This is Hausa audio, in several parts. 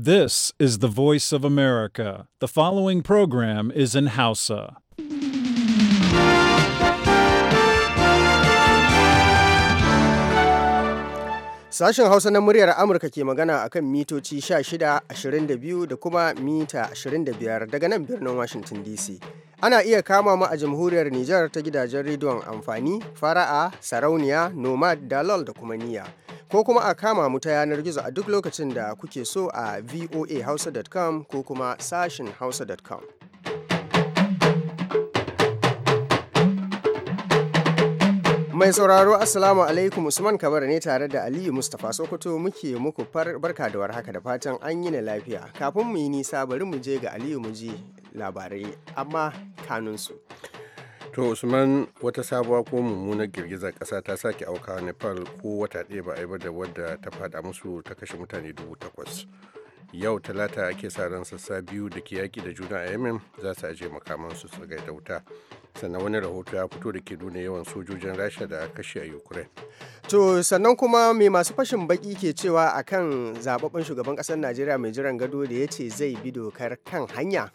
This is the voice of America. The following program is in Hausa. Sashen Hausa na muryar Amurka ke magana akan mitoci 16, 22 da kuma mita 25 daga nan birnin Washington DC. Ana iya kama mu a jamhuriyar Nijar ta gidajen rediyon amfani, fara'a, sarauniya, nomad, dalol da kuma niyya. Ko kuma a kama mu ta yanar gizo a duk lokacin da kuke so a voahausa.com ko kuma sashin hausa.com. Mai sauraro Assalamu alaikum Usman Kabar ne tare da Aliyu Mustapha Sokoto muke muku barka da warhaka da fatan an yi na lafiya. Kafin mu yi nisa bari mu je ga Aliyu mu ji labarai amma kanunsu. To Usman wata sabuwa ko mummunar girgizar ƙasa ta sake auka Nepal ko wata ɗaya ba a yi ba da wadda ta fada musu ta kashe mutane dubu takwas. yau talata ake sa ran sassa biyu da ke yaƙi da juna a yemen za su aje makamansu su da wuta sannan wani rahoto ya fito da ke nuna yawan sojojin rasha da kashe a ukraine to sannan kuma mai masu fashin baki ke cewa akan zababben shugaban ƙasar najeriya mai jiran gado da ya ce zai bi dokar kan hanya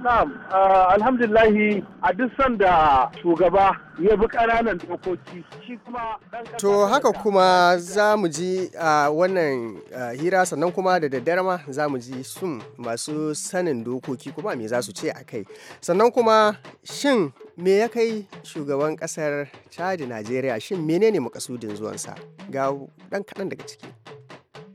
Na'am, ah, a duk sanda shugaba ya bi ƙananan dokoki shi kuma To haka kuma za mu ji a ah, wannan ah, hira sannan kuma da daddare dama za mu ji sun masu sanin dokoki kuma me za su ce a kai sannan kuma shin me ya kai shugaban kasar chadi najeriya shin menene makasudin zuwansa ga ɗan kaɗan daga ciki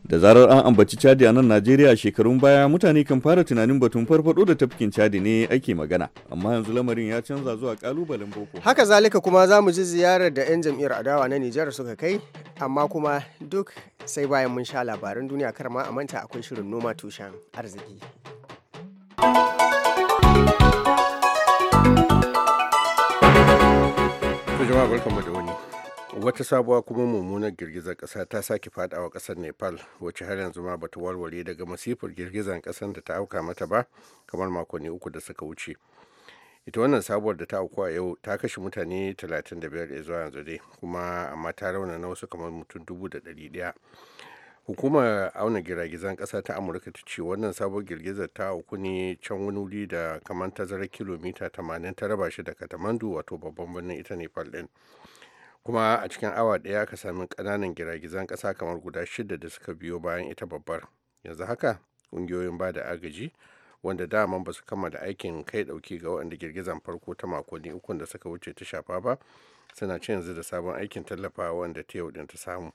da zarar an ambaci chadi a nan najeriya shekarun baya mutane kan fara tunanin batun farfado da tafkin chadi ne ake magana amma yanzu lamarin ya canza zuwa kalubalen boko haka zalika kuma za mu ji ziyarar da 'yan jam'iyyar adawa na nijar suka kai amma kuma duk sai bayan mun sha labaran duniya kar ma a manta akwai shirin noma tushen arziki jama'a barkanmu da wani wata sabuwa kuma mummunar girgizar ƙasa ta sake fadawa ƙasar nepal wacce har yanzu ma bata warware daga masifar girgizar kasar da ta auka mata ba kamar makonni uku da suka wuce ita wannan sabuwar da ta auku a yau ta kashe mutane 35 zuwa yanzu dai kuma amma ta rauna na wasu kamar mutum dubu da ɗari daya hukumar auna giragizan ƙasa ta amurka ta ce wannan sabon girgizar ta auku ne can wani wuri da kamar tazarar kilomita 80 ta raba shi da katamandu wato babban birnin ita nepal din kuma a cikin awa daya aka sami ƙananan giragizan kasa kamar guda shida da suka biyo bayan ita babbar yanzu haka ƙungiyoyin ba da agaji wanda daman ba su kammala aikin kai ɗauki ga waɗanda girgizan farko ta makonni uku da suka wuce ta shafa ba suna ci yanzu da sabon aikin tallafawa wanda ta yau ta samu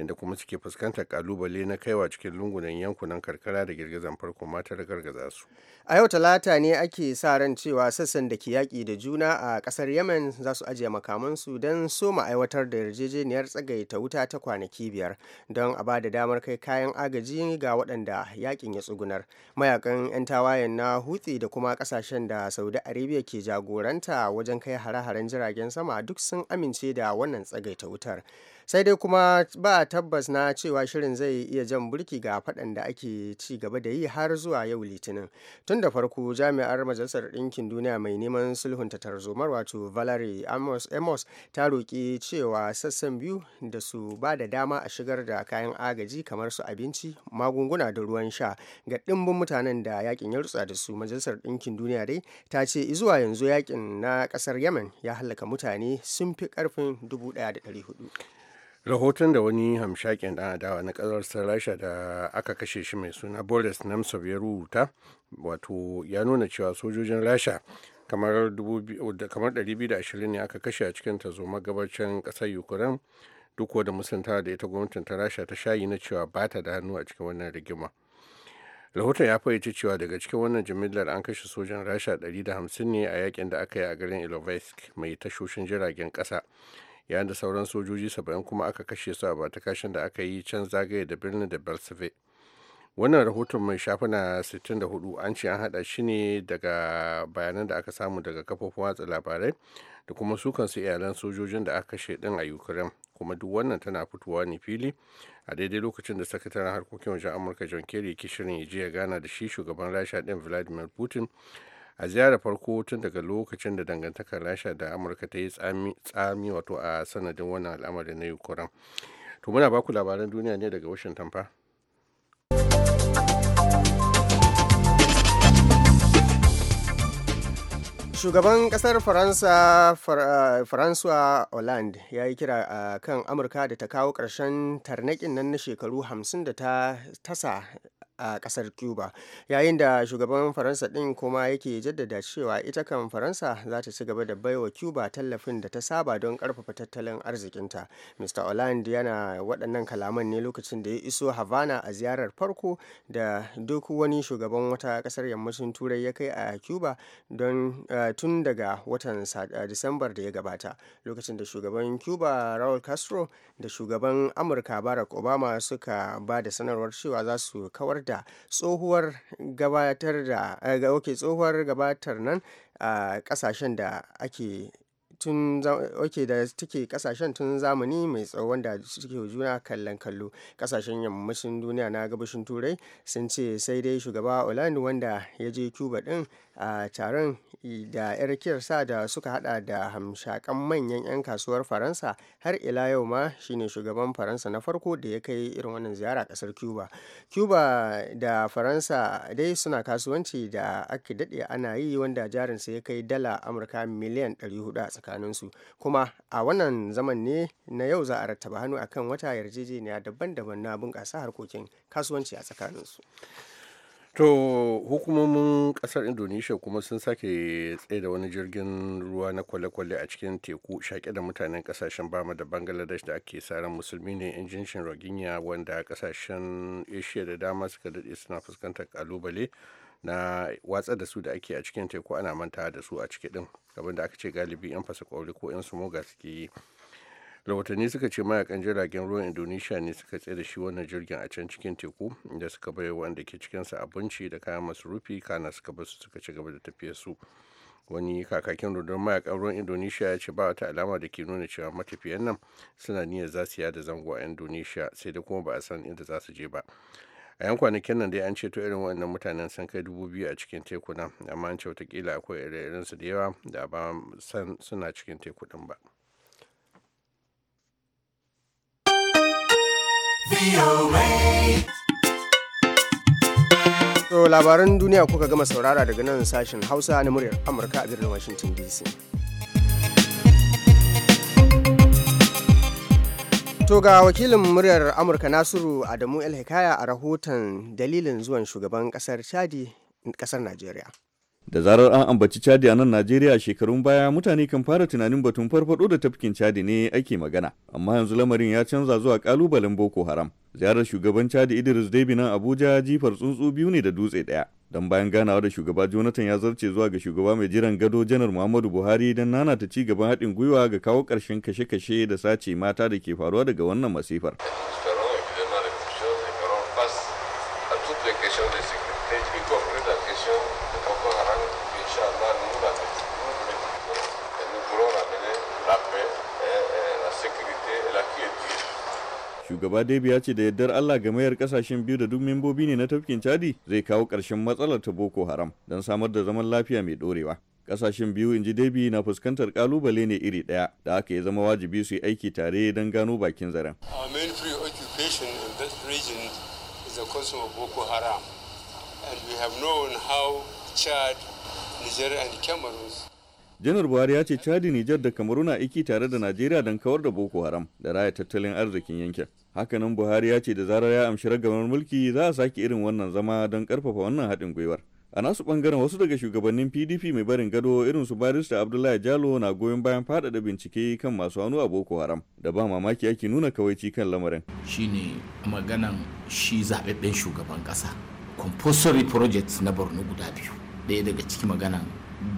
inda kuma suke fuskantar kalubale na kaiwa cikin lungunan yankunan karkara da girgizan farko mata da gargaza su a yau talata ne ake sa ran cewa sassan da ke yaƙi da juna a ƙasar yemen za su ajiye makamansu don soma aiwatar da yarjejeniyar tsagaita wuta ta kwanaki biyar don a ba da damar kai kayan agaji ga waɗanda yaƙin ya tsugunar mayakan 'yan tawayen na hutsi da kuma ƙasashen da saudi arabia ke jagoranta wajen kai hare-haren jiragen sama duk sun amince da wannan tsagaita wutar sai dai kuma ba tabbas na cewa shirin zai iya jan burki ga faɗan da ake ci gaba da yi har zuwa yau litinin tun da farko jami'ar majalisar ɗinkin duniya mai neman sulhunta tarzomar wato valerie amos ta roƙi cewa sassan biyu da su ba da dama a shigar da kayan agaji kamar su abinci magunguna da ruwan sha ga ɗimbin mutanen da yakin ya rutsa da su majalisar ɗinkin duniya dai ta ce zuwa yanzu yakin na ƙasar yemen ya halaka mutane sun fi ƙarfin 1,400 rahoton da wani hamshakin dan adawa na kasar rasha da aka kashe shi mai suna boris nemtsov ya rubuta wato ya nuna cewa sojojin rasha kamar 220 ne aka kashe a cikin tazoma gabacin kasar ukraine duk da musanta da ita gwamnatin ta rasha ta shayi na cewa ba ta da hannu a cikin wannan rigima rahoton ya fahimci cewa daga cikin wannan jimillar an kashe sojan rasha 150 ne a yakin da aka yi a garin ilovaisk mai tashoshin jiragen kasa yayin da sauran sojoji saba'in kuma aka kashe su a batakashin da aka yi can zagaye da birnin da belsafe wannan rahoton mai shafuna 64 an ce an hada shi ne daga bayanan da aka samu daga kafofin watsa labarai da kuma su kansu iyalan sojojin da aka kashe din a ukraine kuma duk wannan tana fitowa ne fili a daidai lokacin da sakataren harkokin wajen amurka john kerry ke shirin ya ya gana da shi shugaban rasha din vladimir putin a ziyarar farko tun daga lokacin da dangantakar rasha da amurka ta yi tsami wato a sanadin wannan al'amari na ukraine to muna baku labaran duniya ne daga washington fa shugaban kasar faransa faransuwa eh, hollande ya yi kira a eh, kan amurka da ta kawo ƙarshen tarnaƙin nan na shekaru 50 da ta tasa a kasar cuba yayin da shugaban faransa din kuma yake jaddada cewa ita kan faransa za ta ci gaba da baiwa cuba tallafin da ta saba don karfafa tattalin arzikinta mr oland yana waɗannan kalaman ne lokacin da ya iso havana a ziyarar farko da duk wani shugaban wata kasar yammacin turai ya kai a cuba don tun daga watan disambar da ya gabata lokacin da shugaban cuba raul castro da shugaban amurka barack obama suka ba da sanarwar cewa za su kawar da da tsohuwar gabatar da eh, okay, tsohuwar gabatar nan a kasashen da ake tun okay, da take kasashen tun zamani mai tsawo wanda suke juna kallon kallo kasashen yammacin duniya na gabashin turai sun ce sai dai shugaba olandu wanda ya je cuba din a taron da 'yar kirsa da suka hada da hamshakan manyan 'yan kasuwar faransa har ila yau ma shine shugaban faransa na farko da ya kai irin wannan ziyara kasar cuba cuba da faransa dai suna kasuwanci da aka dade ana yi wanda jarinsa ya kai dala amurka miliyan 400 a tsakaninsu kuma a wannan zaman ne na yau za a rattaba hannu akan wata yarjejeniya daban-daban na bunƙasa harkokin kasuwanci a tsakaninsu To hukumomin kasar Indonesia kuma sun sake tsaye da wani jirgin ruwa na kwale-kwale a cikin teku shaƙe da mutanen kasashen Bama da Bangladesh da ake saran musulmi ne yan jinshin wanda kasashen Asia da dama suka daɗe suna fuskantar kalubale na watsa da su da ake a cikin teku ana manta da su a ciki din abinda aka ce galibi yan fasa ko yan sumoga suke yi. rahotanni suka ce mayakan jiragen ruwan indonesiya ne suka tsaye da shi wannan jirgin a can cikin teku da suka bai wanda ke cikinsa abinci da kayan masarufi kana suka basu suka ci gaba da tafiyar su wani kakakin rundunar mayakan ruwan indonesiya ya ce ba wata alama da ke nuna cewa matafiyan nan suna niyyar za su yada zango a indonesiya sai da kuma ba a san inda za su je ba a yan kwanakin nan dai an ceto irin wannan mutanen san kai dubu biyu a cikin tekuna amma an ce watakila akwai ire-irensu da yawa da ba san suna cikin teku ɗin ba. To labaran duniya kuka gama saurara daga nan sashen Hausa na muryar Amurka a birnin Washington DC. To ga wakilin muryar Amurka Nasiru Adamu El a rahoton dalilin zuwan shugaban kasar Chadi kasar Najeriya. da zarar an ambaci cadi a nan najeriya shekarun baya mutane kan fara tunanin batun farfado da tafkin cadi ne ake magana amma yanzu lamarin ya canza zuwa kalubalen boko haram ziyarar shugaban cadi idris debi nan abuja jifar tsuntsu biyu ne da dutse daya don bayan ganawa da shugaba jonathan ya zarce zuwa ga shugaba mai jiran gado janar muhammadu buhari don nana ta ci gaban haɗin gwiwa ga kawo ƙarshen kashe-kashe da sace mata da ke faruwa daga wannan masifar Shugaba Debi ya ce da yardar Allah gamayar kasashen biyu da duk membobi ne na tafkin Chadi zai kawo ƙarshen matsalar ta Boko Haram don samar da zaman lafiya mai dorewa kasashen biyu inji debi na fuskantar kalubale ne iri daya da aka yi zama wajibi su yi aiki tare don gano bakin zaren. Our main preoccupation in this region is the question Boko Haram and we have known how Chad, Niger and Cameroon janar buhari ya ce chadi nijar da kamaru na aiki tare da najeriya don kawar da boko haram da raya tattalin arzikin yankin hakanan buhari ya ce da zarar ya amshi ragamar mulki za a sake irin wannan zama don karfafa wannan haɗin gwiwar a nasu bangaren wasu daga shugabannin pdp mai barin gado irin su barista abdullahi jalo na goyon bayan faɗaɗa bincike kan masu hannu a boko haram da ba mamaki ake nuna kawaici kan lamarin shine maganan shi zaɓaɓɓen shugaban ƙasa compulsory project na borno guda biyu ɗaya daga ciki maganan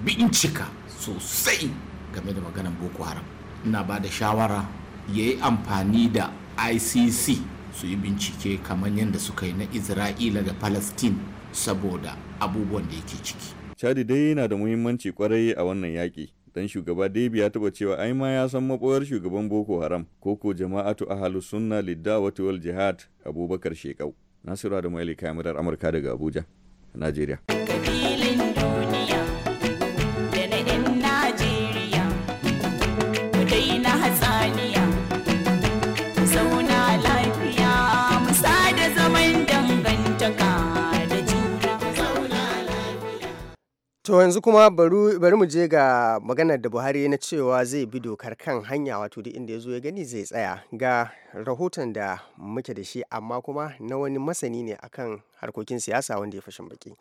bincika sosai game da maganan boko haram ina ba da shawara ya yi amfani da icc su yi bincike kamar yadda suka yi na isra'ila da palestine saboda abubuwan da yake ciki chadi dai yana da muhimmanci kwarai a wannan yaƙi dan shugaba Debi ya taba cewa ai ma ya san maboyar shugaban Boko Haram ko ko jama'atu ahlu sunna lidawati wal jihad Abubakar Shekau Nasiru da Maili kamarar Amurka daga Abuja Najeriya To yanzu kuma bari mu je ga maganar da Buhari na cewa zai bi dokar kan hanya wato duk inda ya zo ya gani zai tsaya ga rahoton da muke da shi amma kuma na wani masani ne akan harkokin siyasa wanda ya fashin baki.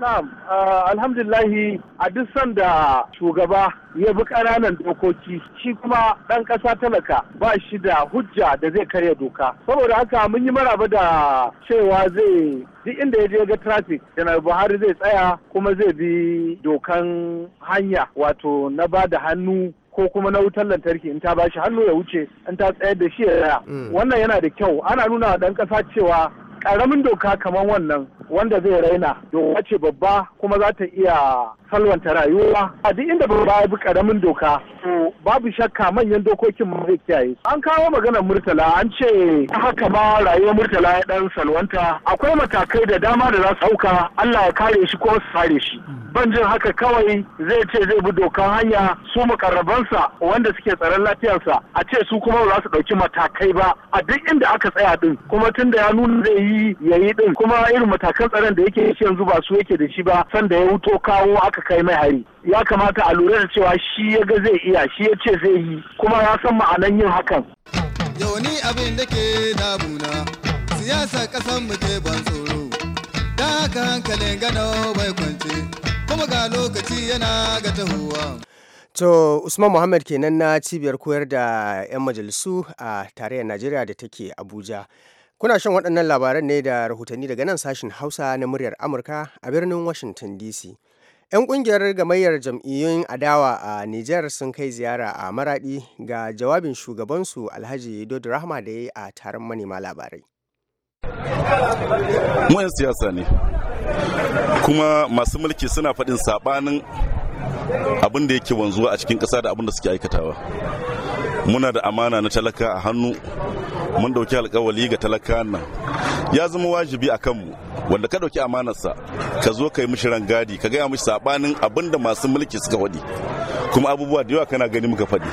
Na'am, uh, alhamdulahi a duk sanda shugaba ya bi ƙananan dokoki shi kuma ɗan ƙasa talaka ba shi da hujja da zai karya doka. Saboda haka mun yi maraba da cewa zai duk inda ya je ga da janar Buhari zai tsaya kuma zai bi dokan hanya wato na ba da hannu ko kuma na wutar lantarki in ta bashi hannu ya wuce in ta tsayar da shi ya raya mm. Wannan yana da kyau ana nuna wa ɗan ƙasa cewa karamin doka kamar wannan wanda zai raina doka ce babba kuma za ta iya salwanta rayuwa a duk inda babba ya bi karamin doka to babu shakka manyan dokokin ma zai kiyaye an kawo maganar murtala an ce haka ma rayuwar murtala ya dan salwanta akwai matakai da dama da za su dauka Allah ya kare shi ko su fare shi ban jin haka kawai zai ce zai bi dokan hanya su makarrabansa wanda suke tsaron lafiyarsa a ce su kuma ba za su dauki matakai ba a duk inda aka tsaya din kuma tunda ya nuna zai yi yi ya yi din kuma irin matakan tsaron da yake shi yanzu ba su yake da shi ba sanda ya wuto kawo aka kai mai hari ya kamata a lura da cewa shi ya ga zai iya shi ya ce zai yi kuma ya san ma'anan yin hakan. yawani abin da ke damuna siyasa kasan mu ke ban tsoro da haka hankalin gano bai kwance kuma ga lokaci yana ga tahowa. To Usman Muhammad kenan na cibiyar koyar da 'yan majalisu a tarayyar Najeriya da take Abuja. Kuna shan waɗannan labaran ne da rahotanni daga nan sashen Hausa na muryar Amurka a birnin Washington DC. 'Yan ƙungiyar gamayyar jam'iyyun adawa a Nijar sun kai ziyara a Maraɗi ga jawabin shugabansu Alhaji Dodo Rahma da ya a taron manema labarai. Mu siyasa ne, kuma masu mulki suna faɗin saɓanin abin da yake wanzuwa a cikin ƙasa da abin da suke aikatawa. Muna da amana na talaka a hannu mun dauki alkawali ga talakan nan ya zama wajibi a kanmu wanda ka dauki amanarsa ka zo ka yi mishi rangadi ka gaya mishi sabanin abin da masu mulki suka faɗi kuma abubuwa da yawa kana gani muka faɗi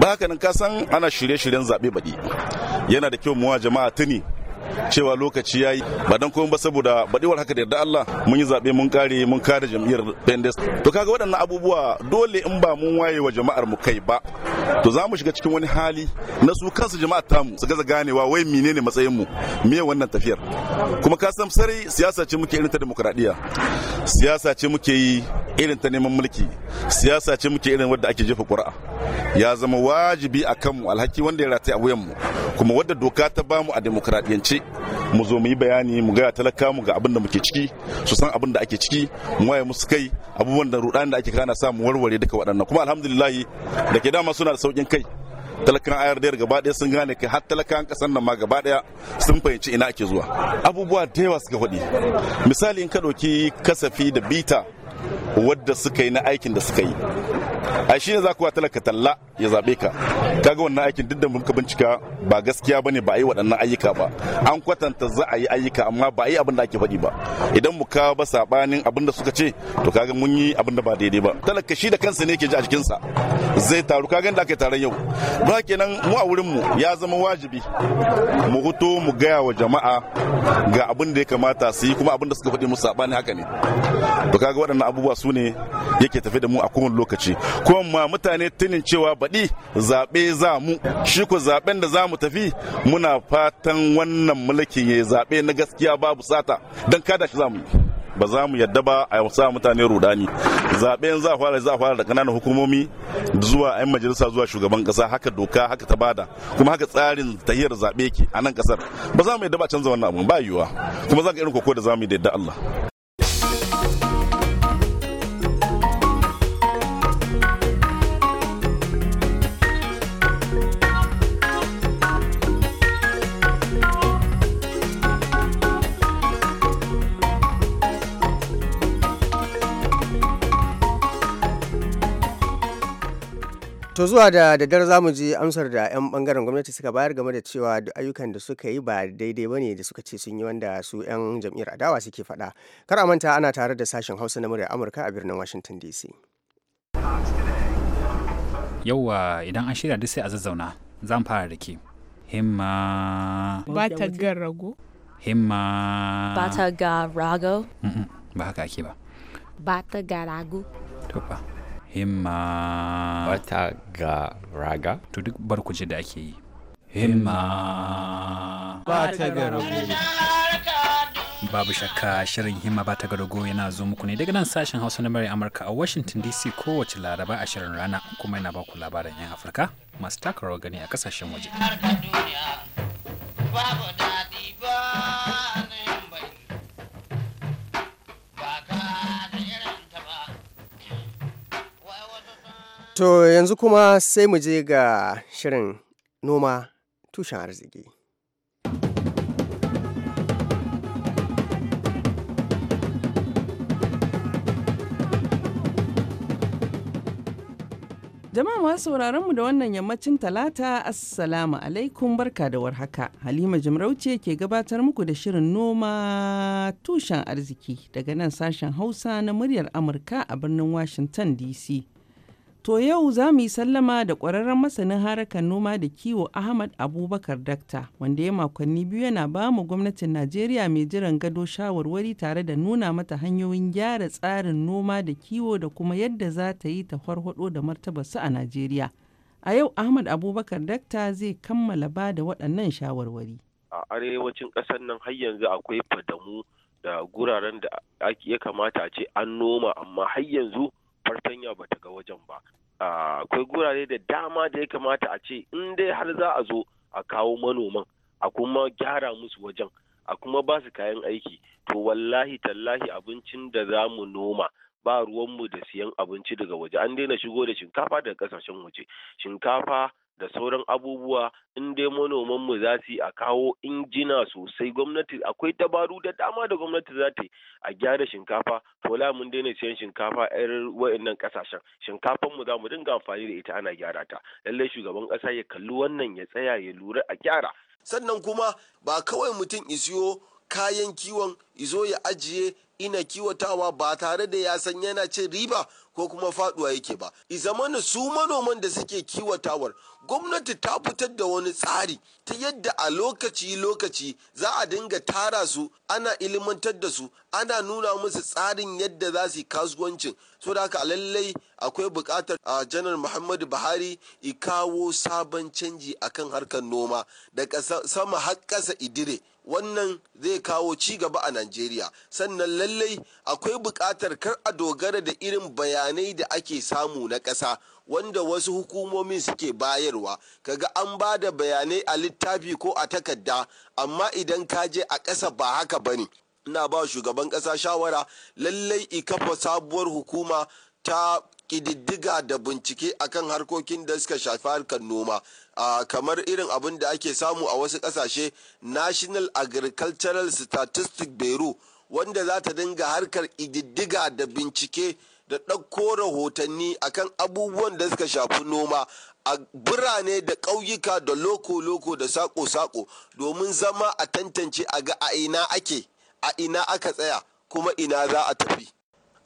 ba haka nan ka san ana shirye-shiryen zaɓe baɗi yana da kyau muwa jama'a tuni cewa lokaci yayi ba dan komai ba saboda baɗiwar haka da yarda Allah mun yi zabe mun kare mun kare jam'iyyar Bendes to kaga waɗannan abubuwa dole in ba mun waye wa jama'ar mu kai ba to za mu shiga cikin wani hali na su kansu jama'a tamu su gaza ganewa wai menene matsayin mu me wannan tafiyar kuma ka san sarai siyasa ce muke irin ta demokradiya siyasa ce muke yi irin ta neman mulki siyasa ce muke irin wadda ake jefa kura. ya zama wajibi a kanmu alhaki wanda ya rataye a wuyanmu kuma wadda doka ta bamu a demokradiyance mu zo mu yi bayani mu gaya talaka mu ga abin da muke ciki su san abin da ake ciki mu waye musu kai abubuwan da rudani da ake kana samu warware duka waɗannan kuma alhamdulillah da ke dama suna da saukin kai talakan ayardayar gaba ɗaya sun gane kai har talakan kasan nan ma gaba daya sun fahimci ina ake zuwa abubuwa da yawa suka faɗi misali in ka ɗauki kasafi da bita wadda suka yi na aikin da suka yi shi ne za ku wa talaka talla ya zabe ka kaga wannan aikin duk da muka bincika ba gaskiya bane ba a yi waɗannan ayyuka ba an kwatanta za a yi ayyuka amma ba a yi abin da ake faɗi ba idan mu kawo ba sabanin abin da suka ce to kaga mun yi abin da ba daidai ba talaka shi da kansa ne ke ji a jikinsa zai taru kaga da aka taron yau don kenan mu a wurin mu ya zama wajibi mu huto mu gaya wa jama'a ga abin da ya kamata su yi kuma abin da suka faɗi mu sabani haka ne to kaga waɗannan abubuwa su su ne yake tafi da mu a kowane lokaci kuma mutane tunin cewa baɗi zaɓe za mu shi ku zaɓen da za mu tafi muna fatan wannan mulkin ya zaɓe na gaskiya babu sata don kada shi za mu ba za mu yadda ba a sa mutane rudani Zaɓe za fara za fara da ƙananan hukumomi zuwa 'yan majalisa zuwa shugaban ƙasa haka doka haka ta bada kuma haka tsarin tahiyar zaɓe ke a nan ƙasar ba za mu yadda ba canza wannan abu ba yiwuwa kuma za ka irin koko da za mu yi da yadda Allah to zuwa da daddare za mu ji amsar da 'yan bangaren gwamnati suka bayar game da cewa ayyukan da suka yi ba daidai ba ne da suka ce sun yi wanda su 'yan jam'iyyar adawa suke faɗa kar a manta ana tare da sashen hausa na murya amurka a birnin washington dc yauwa idan an shirya duk sai a zazzauna zan fara da ke himma ba ta ga rago himma ba ta ga rago ba haka ake ba ba ta ga rago to ba himma wata ga raga to duk barkuci da ake yi himma ba ta ga rago babu shakka shirin himma ba ta rago yana zo muku ne daga nan sashen hausa na mara amurka a washington dc kowace laraba a shirin rana kuma yana baku labaran 'yan afirka masu taka gani a kasashen waje To yanzu kuma sai mu je ga shirin noma tushen arziki. Jama'a ma sauraron mu da wannan yammacin talata assalamu alaikum barka da warhaka. Halima Jimarauce ke gabatar muku da shirin noma tushen arziki daga nan sashen Hausa na muryar Amurka a birnin Washington DC. To yau za mu yi sallama da ƙwararren masanin harkar noma da kiwo Ahmad Abubakar Dakta, wanda ya makonni biyu yana ba mu gwamnatin Najeriya mai jiran gado shawarwari tare da nuna mata hanyoyin gyara tsarin noma da kiwo da kuma yadda za ta yi ta farfaɗo da martabarsu a Najeriya. A yau Ahmad Abubakar Dakta zai kammala ba da waɗannan shawarwari. A arewacin ƙasar nan har yanzu akwai fadamu da guraren da ya kamata a ce an noma amma har yanzu fartanya ba ta ga wajen ba akwai gurare da dama da ya kamata a ce in dai har za a zo a kawo manoman a kuma gyara musu wajen a kuma ba su kayan aiki to wallahi tallahi abincin da za mu noma ba ruwanmu da siyan abinci daga waje an daina shigo da shinkafa daga kasashen waje shinkafa da sauran abubuwa in dai manoman mu za su yi a kawo injina sosai gwamnati akwai dabaru da dama da gwamnati za ta yi a gyara shinkafa to la mun daina siyan shinkafa yar wayannan kasashen shinkafan mu za mu dinga amfani da ita ana gyara ta lallai shugaban kasa ya kalli wannan ya tsaya ya lura a gyara sannan kuma ba kawai mutum isiyo kayan kiwon izo ya ajiye ina kiwatawa ba tare da ya san yana cin riba ko kuma faduwa yake ba izamana su manoman da suke kiwatawar gwamnati ta fitar da wani tsari ta yadda a lokaci-lokaci za a dinga tara su ana ilimantar da su ana nuna musu tsarin yadda za su yi kasuwancin so da haka lallai akwai bukatar a ah, janar muhammadu buhari i kawo sabon canji akan harkar noma daga sama har ƙasa idire wannan zai kawo ci gaba a najeriya sannan lallai akwai buƙatar kar a dogara da irin bayanai da ake samu na ƙasa wanda wasu hukumomi suke bayarwa kaga an ba da bayanai a littafi ko a takarda amma idan ka je a ƙasa ba haka bane ina ba shugaban ƙasa shawara lallai i kafa sabuwar hukuma ta ƙididdiga da bincike akan harkokin da suka shafi harkar noma A kamar irin abin da ake samu a wasu ƙasashe national agricultural statistic bureau wanda za ta dinga harkar ididdiga da bincike da ɗauko rahotanni akan abubuwan da suka shafi noma a birane da ƙauyuka da loko-loko da sako saƙo domin zama a tantance a ga a ina ake a ina aka tsaya kuma ina za a tafi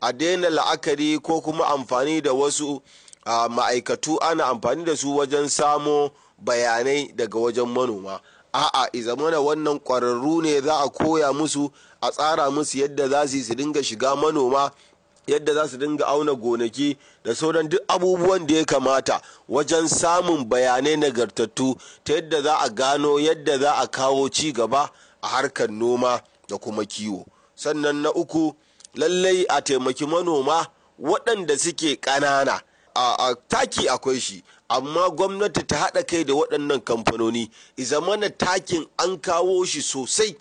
a daina la'akari ko kuma amfani da wasu a ma'aikatu ana amfani da su wajen samo bayanai daga wajen manoma a'a izamana wannan ƙwararru ne za a koya musu a tsara musu yadda za su su dinga shiga manoma yadda za su dinga auna gonaki da sauran duk abubuwan da ya kamata wajen samun bayanai nagartattu ta yadda za a gano yadda za a kawo ci gaba a harkar noma da kuma kiwo sannan na uku lallai a taimaki manoma waɗanda suke ƙanana a taki akwai shi amma gwamnati ta haɗa kai da waɗannan kamfanoni izamana takin an kawo shi sosai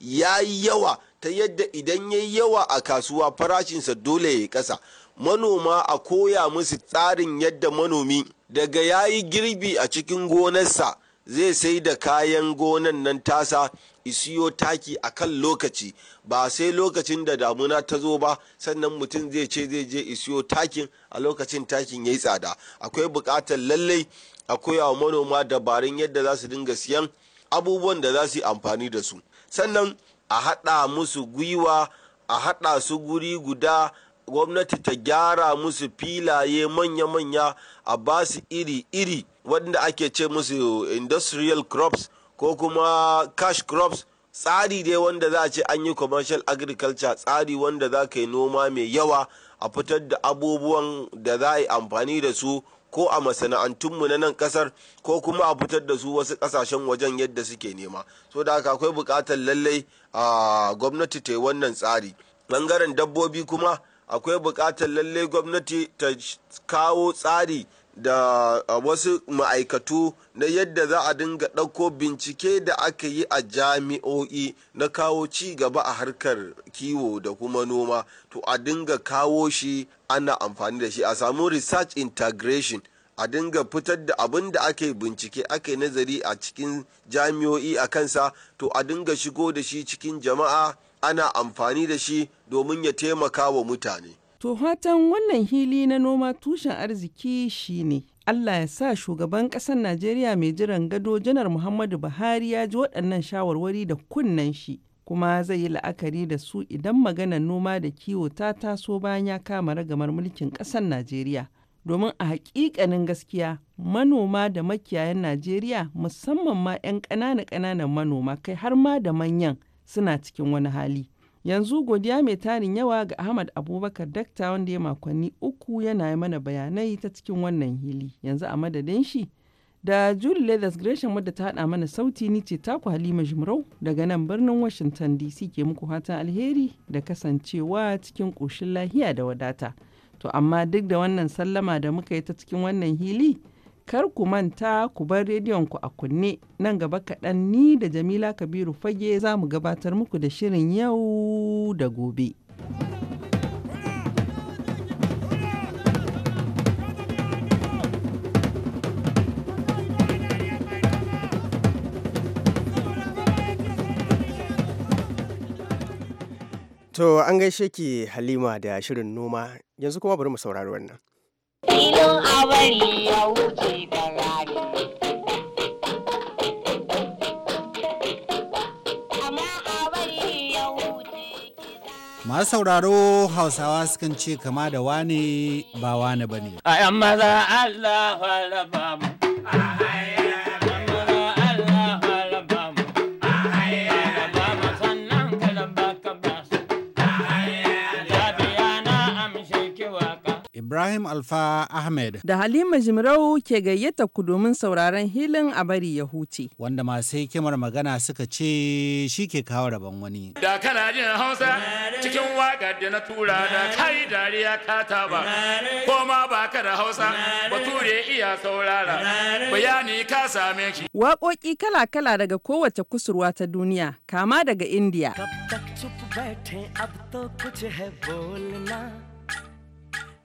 ya yi yawa ta yadda idan ya yi yawa a kasuwa farashinsa dole ya yi ƙasa manoma a koya musu tsarin yadda manomi daga ya yi girbi a cikin gonarsa zai sai da kayan gonan nan tasa isiyo taki a kan lokaci ba sai lokacin da damuna ta zo ba sannan mutum zai ce zai je isiyo takin a lokacin takin ya yi tsada akwai bukatar lallai akwai wa manoma dabarun yadda za su dinga siyan abubuwan da za su yi amfani da su sannan a haɗa musu gwiwa a haɗa su guri guda gwamnati ta gyara musu filaye manya-manya a ba su iri-iri wanda ake ce musu industrial crops ko kuma cash crops tsari dai wanda za a ce an yi commercial agriculture tsari wanda za ka yi noma mai yawa a fitar da abubuwan da za a yi amfani da su ko a masana'antunmu na nan kasar ko kuma a fitar da su wasu kasashen wajen yadda suke nema so da haka akwai bukatar lallai a gwamnati ta yi wannan tsari bangaren dabbobi kuma akwai bukatar lallai gwamnati ta kawo tsari da wasu ma'aikatu na yadda za a dinga ɗauko bincike da aka yi a jami'o'i na kawo ci gaba a harkar kiwo da kuma noma to a dinga kawo shi ana amfani da shi a samu research integration a dinga fitar da abin da ake bincike ake nazari a cikin jami'o'i a kansa to a dinga shigo da shi cikin jama'a ana amfani da shi domin ya taimaka wa mutane To fatan wannan hili na noma tushen arziki shine Allah ya sa shugaban ƙasar Najeriya mai jiran gado janar Muhammadu Buhari ya ji waɗannan shawarwari da kunnen shi kuma zai yi la'akari da su idan maganar noma da kiwo ta taso bayan ya kama ragamar mulkin ƙasar Najeriya. Domin a haƙiƙanin gaskiya manoma da makiyayan Najeriya musamman ma 'yan ƙanana-ƙananan manoma kai har ma da manyan suna cikin wani hali. Yanzu godiya mai tarin yawa ga Ahmad Abubakar Dakta wanda ya makonni uku yana yi mana bayanai ta cikin wannan hili. Yanzu a madadin shi da Julie Leathers Gresham wadda ta hada mana sauti ni ce taku Halima jimarau daga nan birnin Washington DC ke muku hatan alheri da kasancewa cikin ƙoshin lahiya da wadata. To amma duk da wannan sallama da muka yi ta cikin wannan hili. Kar ku manta ku bar rediyon ku a kunne nan gaba kaɗan ni da Jamila Kabiru Fage za mu gabatar muku da shirin yau da gobe. To an gaishe ki Halima da shirin noma yanzu kuma bari mu saurari wannan. filin abari ya wuce da rari. Masu sauraro Hausawa sukan ce kama da wani ba wani ba ne. A ‘yan maza Allah wa Ibrahim Alfa Ahmed. Da Halima Jimrau ke gayyata ku domin sauraron hilin a bari ya huce. Wanda masu hikimar magana suka ce shi ke kawo rabon wani. Da kana jin Hausa cikin waka da na tura da kai dariya ka taba. Ko ma ba ka da Hausa bature iya saurara. Bayani ka same ki. Waƙoƙi kala-kala daga kowace kusurwa ta duniya kama daga India.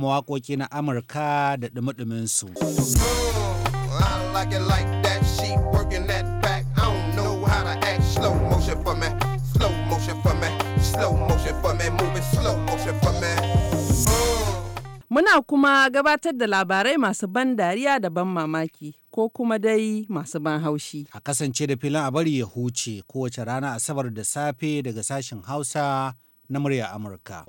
kuma waƙoƙi na Amurka da ɗumi su. Oh, oh. Muna kuma gabatar da labarai masu ban dariya da ban mamaki ko kuma dai masu ban haushi. A kasance da filin a bari ya huce kowace rana Asabar da safe daga sashen Hausa na murya Amurka.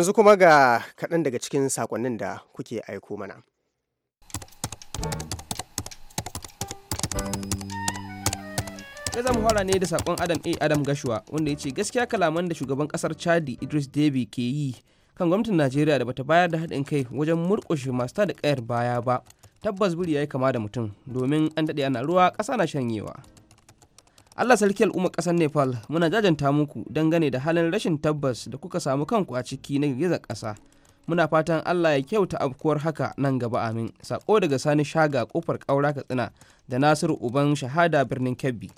yanzu kuma ga kaɗan daga cikin sakonnin da kuke aiko mana. sai zama fara ne da sakon adam a adam gashuwa wanda ya ce gaskiya kalaman da shugaban ƙasar chadi idris deby ke yi kan gwamnatin najeriya da bata bayar da haɗin kai wajen murƙushe masu tada ƙayar baya ba tabbas buri ya yi kama da mutum domin an daɗe ana ruwa ƙasa na shanyewa Allah sarki al'umma ƙasar Nepal muna jajanta muku dangane da halin rashin tabbas da kuka samu kanku a ciki na girgizar ƙasa. Muna fatan Allah ya kyauta afkuwar haka nan gaba amin. Sako daga Sani Shaga kofar ƙaura Katsina da Nasiru Uban Shahada birnin Kebbi.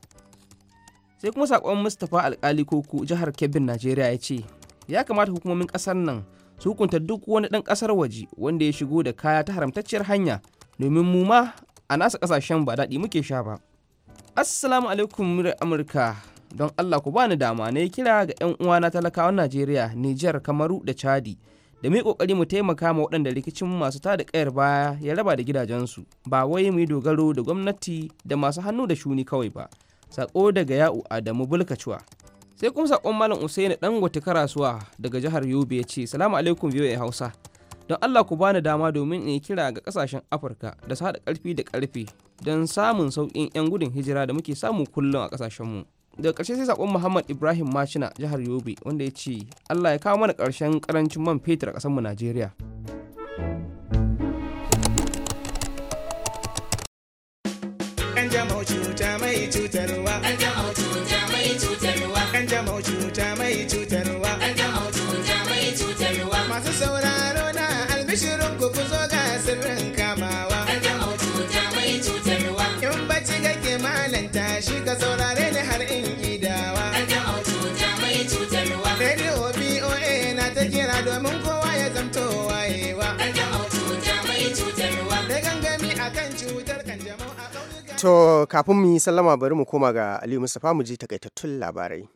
Sai kuma sakon Mustapha Alkali Koko jihar Kebbi Najeriya ya ce ya kamata hukumomin ƙasar nan su hukunta duk wani ɗan ƙasar waje wanda ya shigo da kaya ta haramtacciyar hanya domin mu ma a nasa ƙasashen ba daɗi muke sha ba. Assalamu alaikum murar Amurka. Don Allah ku bani dama na yi kira ga 'yan uwana talakawan Najeriya, Nijar, Kamaru da Chadi. Da mu kokari mu taimaka ma waɗanda rikicin masu tada ƙayar baya ya raba da gidajensu. Ba wai mu yi dogaro da gwamnati da masu hannu da shuni kawai ba. Saƙo daga Ya'u Adamu Bulkacuwa. Sai kuma sakon Malam Usaini Dangote Karasuwa daga jihar Yobe ya ce, "Salamu alaikum biyo Hausa." don Allah ku bani dama domin in yi kira ga kasashen Afirka da su haɗa ƙarfi da ƙarfi don samun sauƙin 'yan gudun hijira da muke samu kullum a ƙasashenmu. Daga ƙarshe sai saƙon Muhammad Ibrahim Machina jihar Yobe wanda ya ce Allah ya kawo mana ƙarshen ƙarancin man fetur a ƙasarmu Najeriya. To kafin mu yi sallama bari mu koma ga Aliyu Mustapha mu je takaitattun labarai.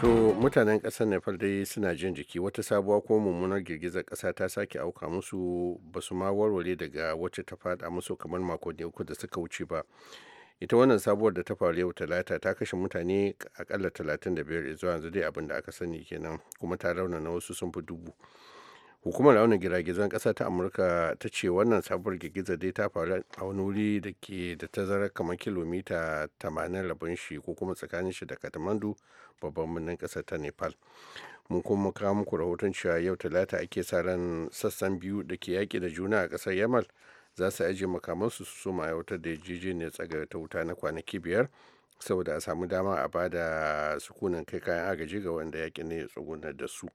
To mutanen ƙasar Nepal dai suna jin jiki wata sabuwa ko mummunar girgizar ƙasa ta sake auka musu ba su ma warware daga wacce ta faɗa musu kamar makonni uku da suka wuce ba. ita wannan sabuwar da ta faru yau talata ta kashe mutane akalla 35 zuwa yanzu dai abin da aka sani kenan kuma ta raunana wasu sun fi dubu hukumar launin giragizan ƙasa ta amurka ta ce wannan sabuwar girgiza dai ta faru a wani wuri da ke da tazarar kamar kilomita 80 rabin shi ko kuma tsakanin shi da katamandu babban birnin ƙasar ta nepal mun kuma kawo muku rahoton cewa yau talata ake sa ran sassan biyu da ke yaƙi da juna a ƙasar yamal za su ajiye makamansu su su aiwatar da ne tsaga ta wuta na kwanaki biyar saboda a samu dama a bada sukunan kai kayan agaji ga wanda yaƙi ne ya tsugunar da su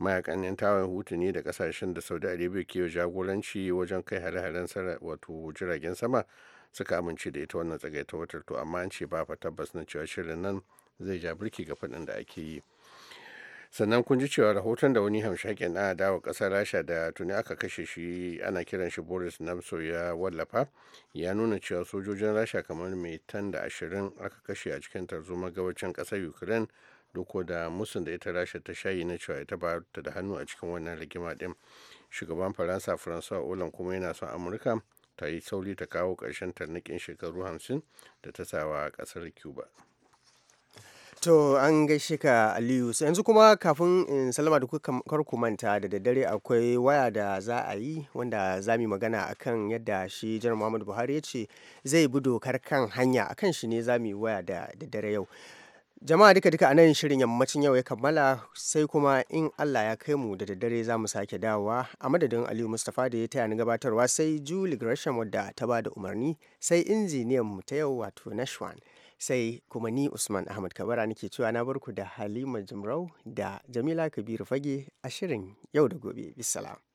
mayakan yan tawayen hutu ne da kasashen da saudi arabia ke jagoranci wajen kai hare-haren wato jiragen sama suka amince da ita wannan tsagaita watar to amma an ce ba fa tabbas na cewa shirin nan zai ja birki ga faɗin da ake yi sannan kun ji cewa rahoton da wani hamshakin na dawo ƙasar rasha da tuni aka kashe shi ana kiran shi boris namso ya wallafa ya nuna cewa sojojin rasha kamar mai tan da ashirin aka kashe a cikin tarzoma gabacin ƙasar ukraine doko da musun da ita rasha ta shayi na cewa ita ba ta da hannu a cikin wannan rigima din shugaban faransa francois olan kuma yana son amurka ta yi sauri ta kawo ƙarshen tarnikin shekaru hamsin da ta sawa a ƙasar cuba To an gaishe ka Aliyu yanzu kuma kafin in salama da kar ku manta da daddare akwai waya da za a yi wanda za mu magana akan yadda shi Janar Muhammadu Buhari ya ce zai bi dokar kan hanya akan shi ne za mu yi waya da daddare yau. jama'a duka duka a nan shirin yammacin yau ya kammala sai kuma in allah ya kai mu da daddare za mu sake dawowa a madadin aliyu mustapha da ya taya ni gabatarwa sai julie gresham wadda ta ba da umarni sai injiniyan mu ta yau wato nashwan sai kuma ni usman ahmad kabara nake cewa na barku da halima jimrau da jamila kabiru fage a shirin yau da gobe bisalam